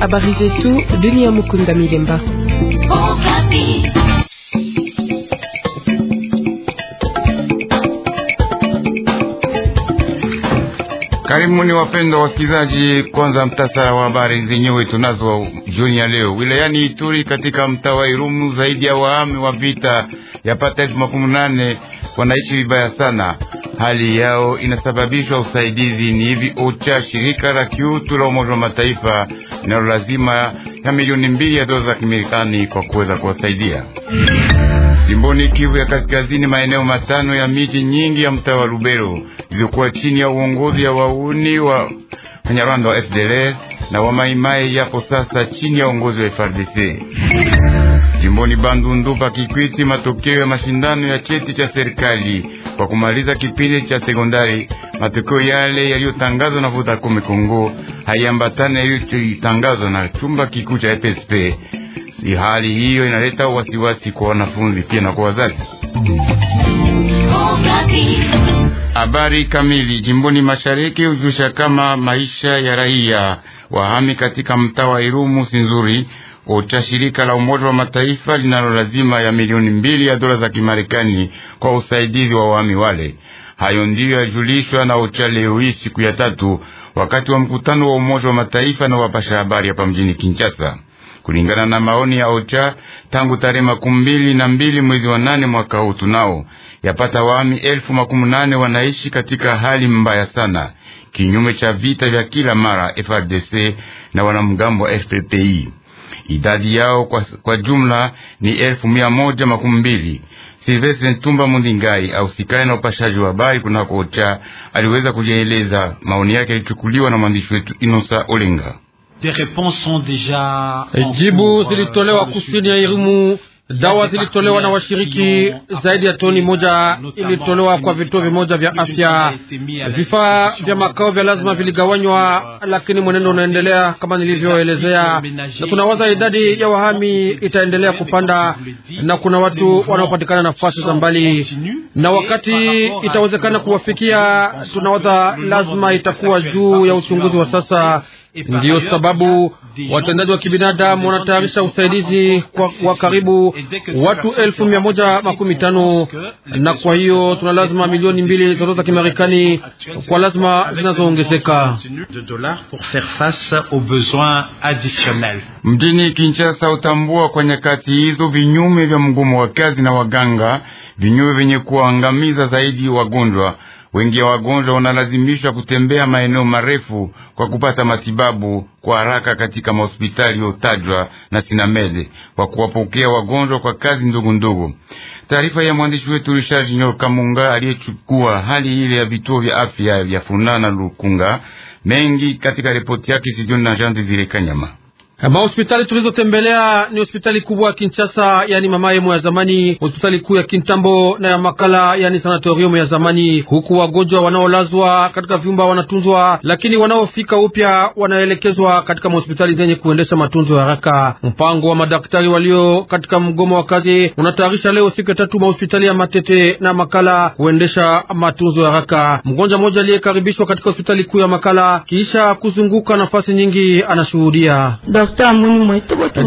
Habari zetu dunia. Mukunda Milemba. Karibuni wapendwa wasikilizaji, kwanza mtasara wa habari zenyewe tunazo jioni ya leo. Wilayani Ituri katika mtaa wa Irumu, zaidi ya waami wa vita yapata elfu makumi nane wanaishi vibaya sana Hali yao inasababishwa usaidizi ni hivi OCHA, shirika la kiutu la Umoja wa Mataifa linalo lazima ya milioni mbili ya dola za Kimarekani kwa kuweza kuwasaidia jimboni Kivu ya Kaskazini. Maeneo matano ya miji nyingi ya mtaa wa Lubero zilizokuwa chini ya uongozi ya wauni wa Wanyarwanda wa FDLR na wamaimai yapo sasa chini ya uongozi wa frdc Jimboni Bandundu pa Kikwiti, matokeo ya mashindano ya cheti cha serikali kwa kumaliza kipindi cha sekondari. Matokeo yale yaliyotangazwa na Vodacom Kongo haiambatane yaliyotangazwa na chumba kikuu cha FSP. Si hali hiyo inaleta wasiwasi kwa wanafunzi pia na kwa wazazi. Habari kamili jimboni mashariki hujusha kama maisha ya raia wahami katika mtaa wa Irumu si nzuri OCHA, shirika la Umoja wa Mataifa linalo lazima ya milioni mbili ya dola za Kimarekani kwa usaidizi wa wami wale. Hayo ndiyo yajulishwa na OCHA leo hii siku ya tatu wakati wa mkutano wa Umoja wa Mataifa na wapasha habari hapa mjini Kinshasa. Kulingana na maoni ya OCHA, tangu tarehe makumi mbili na mbili mwezi wa nane mwaka huu tunao yapata waami elfu makumi nane wanaishi katika hali mbaya sana, kinyume cha vita vya kila mara FRDC na wanamgambo wa FPPI. Idadi yao kwa, kwa jumla ni elfu mia moja makumi mbili. Silvestre Ntumba Mundingai ausikane na upashaji wa habari kunako OCHA aliweza kujieleza. Maoni yake yalichukuliwa na mwandishi wetu Inosa Olenga. Jibu euh, zilitolewa kusini ya Irumu Dawa zilitolewa na washiriki, zaidi ya toni moja ilitolewa kwa vituo vimoja vya afya. Vifaa vya makao vya lazima viligawanywa, lakini mwenendo unaendelea kama nilivyoelezea, na tunawaza idadi ya wahami itaendelea kupanda, na kuna watu wanaopatikana nafasi za mbali, na wakati itawezekana kuwafikia, tunawaza lazima itakuwa juu ya uchunguzi wa sasa. Ndiyo sababu Watendaji wa kibinadamu wanatayarisha usaidizi kwa, kwa karibu watu elfu mia moja makumi tano na kwa hiyo tuna lazima milioni mbili za dola za Kimarekani kwa lazima zinazoongezeka. Mjini Kinshasa utambua kwa nyakati hizo vinyume vya mgomo wa kazi na waganga, vinyume vyenye kuangamiza zaidi wagonjwa Wengi wa wagonjwa wanalazimishwa kutembea maeneo marefu kwa kupata matibabu kwa haraka katika mahospitali yotajwa na Sinamede kwa kuwapokea wagonjwa kwa kazi ndogo ndogo. Taarifa ya mwandishi wetu Richard Junior Kamunga aliyechukua hali ile ya vituo vya afya vya Funana Lukunga mengi katika ripoti yake Sijoni na Jean Desire Kanyama. Mahospitali tulizotembelea ni hospitali kubwa ya Kinshasa, yani mama yemo ya zamani, hospitali kuu ya Kintambo na ya Makala, yani sanatorium ya zamani, huku wagonjwa wanaolazwa katika vyumba wanatunzwa, lakini wanaofika upya wanaelekezwa katika mahospitali zenye kuendesha matunzo ya haraka. Mpango wa madaktari walio katika mgomo wa kazi unatayarisha leo siku ya tatu mahospitali ya Matete na Makala kuendesha matunzo ya haraka. Mgonjwa mmoja aliyekaribishwa katika hospitali kuu ya Makala kisha kuzunguka nafasi nyingi anashuhudia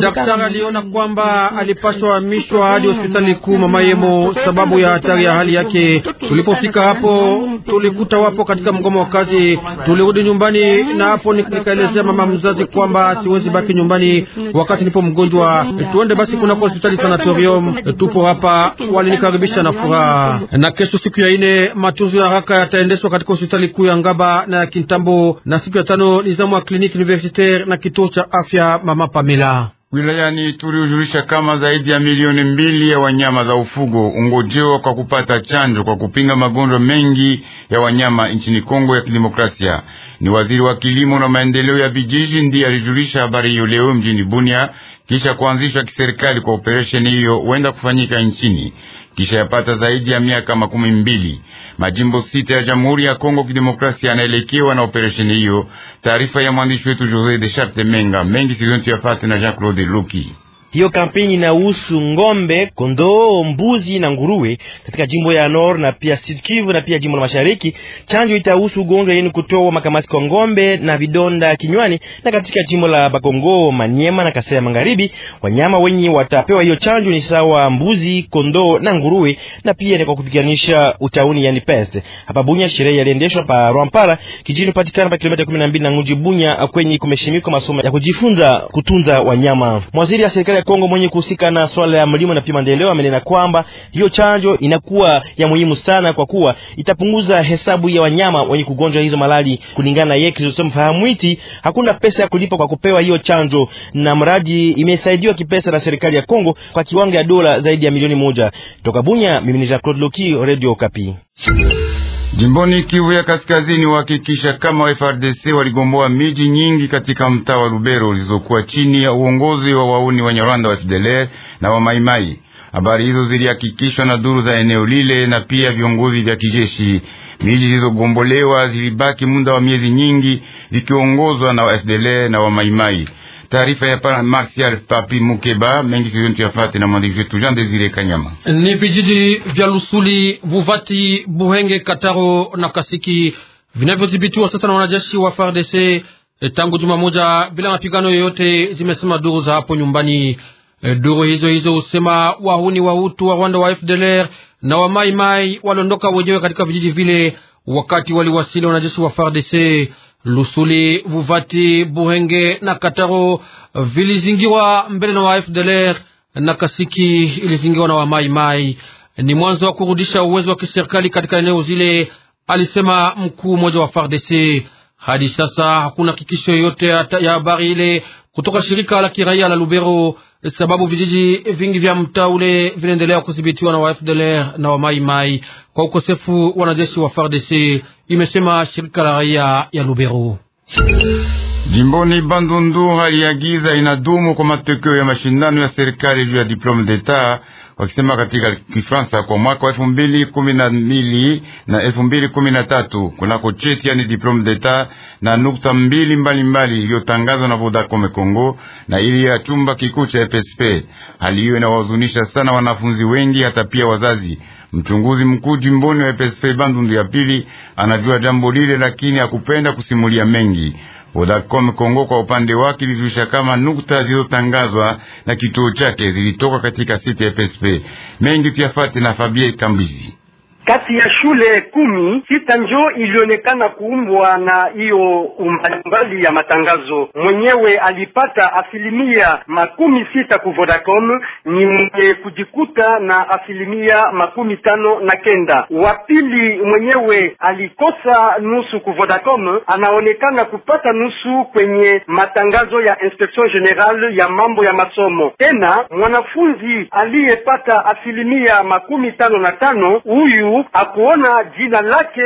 Daktari aliona kwamba alipashwa hamishwa hadi hospitali kuu Mama Yemo sababu ya hatari ya hali yake. Tulipofika hapo, tulikuta wapo katika mgomo wa kazi, tulirudi nyumbani na hapo nikaelezea mama mzazi kwamba siwezi baki nyumbani wakati nipo mgonjwa, tuende basi kunako hospitali sanatorium. Tupo hapa, walinikaribisha na furaha. Na kesho siku ya ine matunzo ya haraka yataendeshwa katika hospitali kuu ya Ngaba na ya Kintambo, na siku ya tano ni zamu ya kliniki universitaire na kituo cha afya Mama Pamela. Wilayani tuliujulisha kama zaidi ya milioni mbili ya wanyama za ufugo ungojewa kwa kupata chanjo kwa kupinga magonjwa mengi ya wanyama nchini Kongo ya Kidemokrasia. Ni waziri wa kilimo na maendeleo ya vijiji ndiye alijulisha habari hiyo leo mjini Bunia, kisha kuanzishwa kiserikali kwa operesheni hiyo huenda kufanyika nchini kisha yapata zaidi ya miaka makumi mbili. Majimbo sita ya Jamhuri ya Kongo Kidemokrasia yanaelekewa na operesheni hiyo. Taarifa ya mwandishi wetu Jose de Charte Menga mengi sizontu yafate na Jean Claude Luki. Hiyo kampeni inahusu ng'ombe, kondoo, mbuzi na nguruwe katika jimbo ya Nord na pia Sud Kivu na pia jimbo la Mashariki. Chanjo itahusu ugonjwa yenye kutoa makamasi kwa ng'ombe na vidonda kinywani, na katika jimbo la Bakongo, Manyema na Kasai Magharibi, wanyama wenye watapewa hiyo chanjo ni sawa mbuzi, kondoo na nguruwe, na pia ni kwa kupiganisha utauni yani peste. Hapa Bunya sherehe yaliendeshwa pa Rwampara kijini patikana pa kilomita 12 na Nguji Bunya kwenye kumeshimikwa masomo ya kujifunza kutunza wanyama. Mwaziri ya serikali ya Kongo mwenye kuhusika na swala ya mlimo na pia maendeleo amenena kwamba hiyo chanjo inakuwa ya muhimu sana, kwa kuwa itapunguza hesabu ya wanyama wenye kugonjwa hizo malali. Kulingana na yeye Krisostom Fahamwiti, hakuna pesa ya kulipa kwa kupewa hiyo chanjo, na mradi imesaidiwa kipesa na serikali ya Kongo kwa kiwango ya dola zaidi ya milioni moja. Toka Bunya, mimi ni Jean Claude Loki, Radio Okapi. Jimboni Kivu ya Kaskazini wahakikisha kama FRDC waligomboa miji nyingi katika mtaa wa Lubero zilizokuwa chini ya uongozi wa wauni wa Nyarwanda wa FDLR na wa Maimai. Habari hizo zilihakikishwa na duru za eneo lile na pia viongozi vya kijeshi. Miji zilizogombolewa zilibaki muda wa miezi nyingi zikiongozwa na wa FDLR na wa Maimai. Taarifa ya Martial Papi Mukeba mengi sizoni tuyafate na mwandishi wetu Jean Desire Kanyama. Ni vijiji vya Lusuli, Buvati, Buhenge, Kataro na Kasiki vinavyodhibitiwa sasa na wanajeshi wa FARDC e, tangu juma moja bila mapigano yoyote, zimesema duru za hapo nyumbani. E, duru hizo hizo husema wahuni wahutu wa Rwanda wa FDLR na wa Mai Mai waliondoka wenyewe katika vijiji vile wakati waliwasili wanajeshi wa FARDC. Lusuli, Vuvati, Buhenge na Kataro vilizingiwa mbele na wa FDLR na Kasiki ilizingiwa na wa Mai Mai. Ni mwanzo wa kurudisha uwezo wa kiserikali katika eneo zile, alisema mkuu mmoja wa FARDC. Hadi sasa hakuna hakikisho yoyote ya habari ile kutoka shirika la kiraia la Lubero, sababu vijiji vingi vya mtaa ule vinaendelea kudhibitiwa na wa FDLR na wa Mai Mai kwa ukosefu wanajeshi wa FARDC imesema shirika la raia ya Lubero. Jimboni Bandundu, hali ya giza inadumu kwa matokeo ya mashindano ya serikali juu ya diplome d'etat, wakisema katika Kifaransa kwa mwaka wa elfu mbili kumi na mbili na elfu mbili kumi na tatu kunako cheti yani diplome d'etat na nukta mbili mbalimbali iliyotangazwa na Vodacom Kongo na ili ya chumba kikuu cha EPSP. Hali hiyo inawahuzunisha sana wanafunzi wengi, hata pia wazazi Mchunguzi mkuu jimboni wa e PSP Bandundu ya pili anajua jambo lile, lakini hakupenda kusimulia mengi. Vodacom Kongo kwa upande wake lijulisha kama nukta zilizotangazwa na kituo chake zilitoka katika site ya PSP. E mengi tuyafate na Fabie Kambizi. Kati ya shule kumi sita njo ilionekana kuumbwa na hiyo umbalimbali ya matangazo. Mwenyewe alipata asilimia makumi sita ku Vodacom, ni mwenye kujikuta na asilimia makumi tano na kenda. Wa pili mwenyewe alikosa nusu ku Vodacom, anaonekana kupata nusu kwenye matangazo ya Inspection Generale ya mambo ya masomo. Tena mwanafunzi aliyepata asilimia makumi tano na tano huyu hakuona jina lake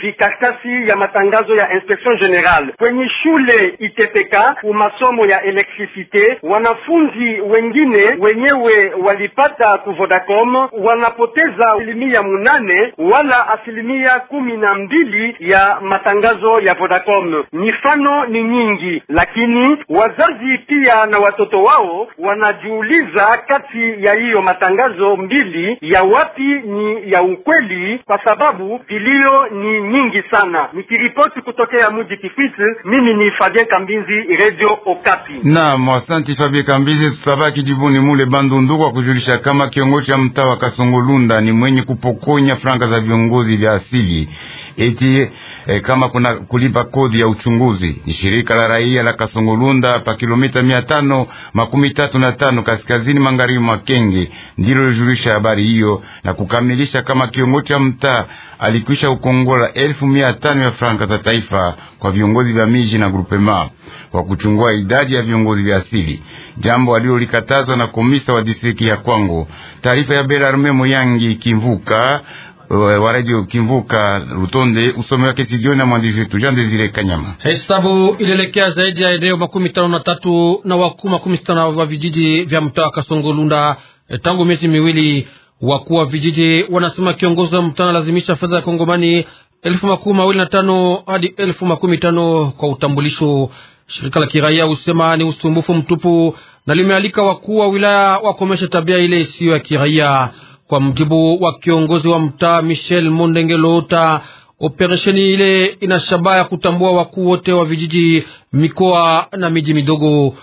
vikartasi ya matangazo ya inspection general kwenye shule itepeka ku masomo ya elektricite Wanafunzi wengine wenyewe walipata ku Vodacom wanapoteza asilimia munane wala asilimia kumi na mbili ya matangazo ya Vodacom. Mifano ni nyingi, lakini wazazi pia na watoto wao wanajiuliza kati ya hiyo matangazo mbili, ya wapi ni ya ukweli kweli, kwa sababu vilio ni nyingi sana. Nikiripoti kutokea mji Kifisi, mimi ni Fabien Kambinzi, Radio Okapi. Naam, asante Fabien Kambizi. Tutabaki jibuni mule Bandundu kwa kujulisha kama kiongozi cha mtaa wa Kasongolunda ni mwenye kupokonya franka za viongozi vya asili eti e, kama kuna kulipa kodi ya uchunguzi. Ni shirika la raia la Kasungulunda pa kilomita mia tano makumi tatu na tano kaskazini magharibi mwa Kenge ndilo lijulisha habari hiyo na kukamilisha kama kiongozi cha mtaa alikwisha ukongola elfu mia tano ya franka za taifa kwa viongozi vya miji na grupema kwa kuchungua idadi ya viongozi vya asili, jambo alilolikatazwa na komisa wa distrikti ya Kwango. Taarifa ya Belarme yangi Kimvuka wa Radio Kimvuka Rutonde usome wake jioni na mwandishi wetu Jean Desire Kanyama. Hesabu ilielekea zaidi ya eneo makumi tano na tatu na wakuu makumi sita wa vijiji vya mtaa wa Kasongolunda e, tangu miezi miwili. Wakuu wa vijiji wanasema kiongozi wa mtaa analazimisha fedha ya kongomani elfu makumi mawili na tano hadi elfu makumi tano kwa utambulisho. Shirika la kiraia husema ni usumbufu mtupu na limealika wakuu wa wilaya wakomeshe tabia ile isiyo ya kiraia. Kwa mjibu wa kiongozi wa mtaa Michel Mondenge Loota, operesheni ile ina shabaha ya kutambua wakuu wote wa vijiji, mikoa na miji midogo.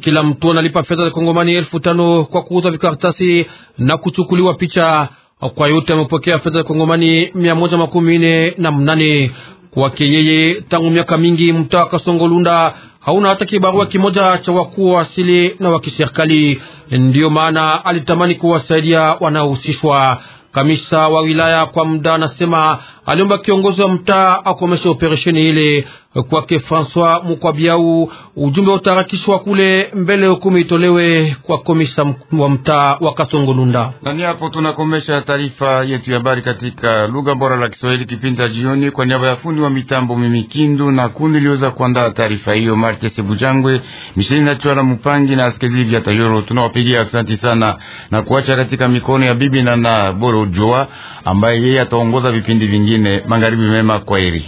Kila mtu analipa fedha za kongomani elfu tano kwa kuuza vikaratasi na kuchukuliwa picha. Kwa yote amepokea fedha za kongomani mia moja makumi nne na mnane kwake yeye tangu miaka mingi. Mtaa Kasongolunda hauna hata kibarua kimoja cha wakuu wa asili na wa kiserikali. Ndiyo maana alitamani kuwasaidia wanaohusishwa. Kamisa wa wilaya kwa muda anasema aliomba kiongozi wa mtaa akomeshe operesheni ile kwake francois Mukwabiau. Ujumbe utaharakishwa kule mbele, hukumu itolewe kwa komisa wa mtaa wa Kasongolunda. Nani hapo, tunakomesha taarifa yetu ya habari katika lugha bora la Kiswahili kipindi cha jioni. Kwa niaba ya fundi wa mitambo Mimikindu na kundi iliweza kuandaa taarifa hiyo, Martes bujangwe Misheli na Chwala Mupangi na Askezili vya Tayoro, tunawapigia asanti sana na kuacha katika mikono ya bibi na na Boro Joa ambaye yeye ataongoza vipindi vingine. Magharibi mema, kwa heri.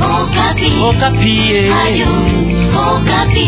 Okapi. Okapi.